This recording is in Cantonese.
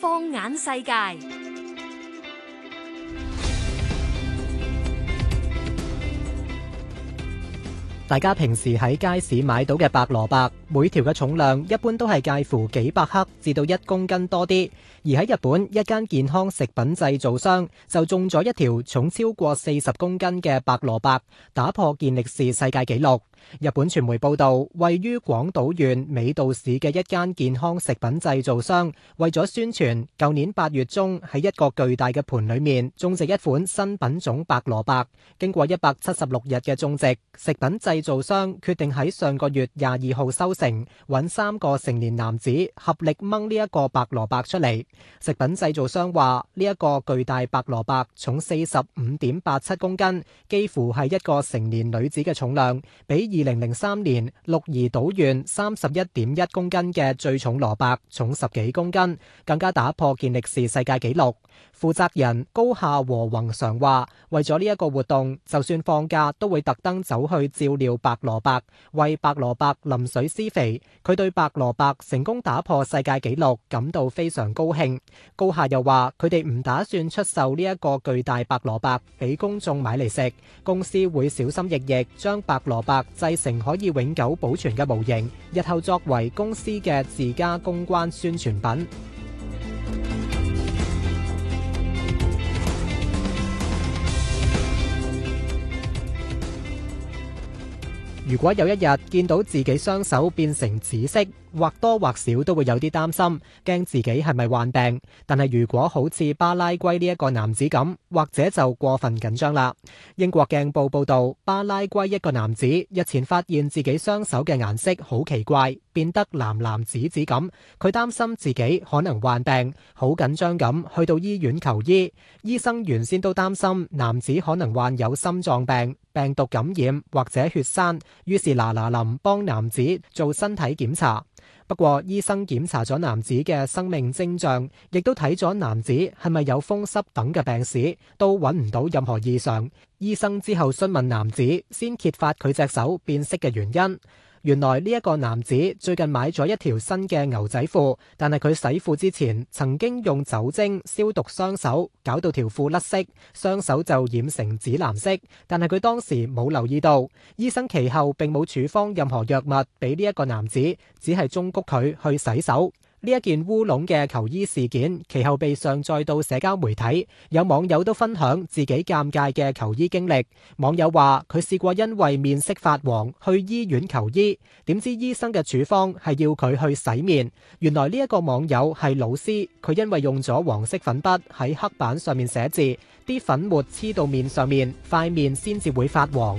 放眼世界，大家平時喺街市買到嘅白蘿蔔，每條嘅重量一般都係介乎幾百克至到一公斤多啲。而喺日本，一間健康食品製造商就種咗一條重超過四十公斤嘅白蘿蔔，打破健力士世界紀錄。日本傳媒報道，位於廣島縣美道市嘅一間健康食品製造商，為咗宣傳，舊年八月中喺一個巨大嘅盤裏面種植一款新品種白蘿蔔，經過一百七十六日嘅種植，食品製造商決定喺上個月廿二號收成，搵三個成年男子合力掹呢一個白蘿蔔出嚟。食品製造商話，呢、這、一個巨大白蘿蔔重四十五點八七公斤，幾乎係一個成年女子嘅重量，比。二零零三年鹿兒島縣三十一點一公斤嘅最重蘿卜重十幾公斤，更加打破健力士世界紀錄。負責人高夏和宏常話：為咗呢一個活動，就算放假都會特登走去照料白蘿卜，為白蘿卜淋水施肥。佢對白蘿卜成功打破世界紀錄感到非常高興。高夏又話：佢哋唔打算出售呢一個巨大白蘿卜俾公眾買嚟食，公司會小心翼翼將白蘿卜。製成可以永久保存嘅模型，日後作為公司嘅自家公關宣傳品。如果有一日見到自己雙手變成紫色，或多或少都會有啲擔心，驚自己係咪患病。但係如果好似巴拉圭呢一個男子咁，或者就過分緊張啦。英國鏡報報道，巴拉圭一個男子日前發現自己雙手嘅顏色好奇怪。變得藍藍紫紫咁，佢擔心自己可能患病，好緊張咁去到醫院求醫。醫生原先都擔心男子可能患有心臟病、病毒感染或者血栓，於是嗱嗱臨幫男子做身體檢查。不過醫生檢查咗男子嘅生命徵象，亦都睇咗男子係咪有風濕等嘅病史，都揾唔到任何異常。醫生之後詢問男子，先揭發佢隻手變色嘅原因。原來呢一個男子最近買咗一條新嘅牛仔褲，但係佢洗褲之前曾經用酒精消毒雙手，搞到條褲甩色，雙手就染成紫藍色。但係佢當時冇留意到，醫生其後並冇處方任何藥物俾呢一個男子，只係忠告佢去洗手。呢一件烏龍嘅求醫事件，其後被上載到社交媒體，有網友都分享自己尷尬嘅求醫經歷。網友話：佢試過因為面色發黃去醫院求醫，點知醫生嘅處方係要佢去洗面。原來呢一個網友係老師，佢因為用咗黃色粉筆喺黑板上面寫字，啲粉末黐到面上面塊面先至會發黃。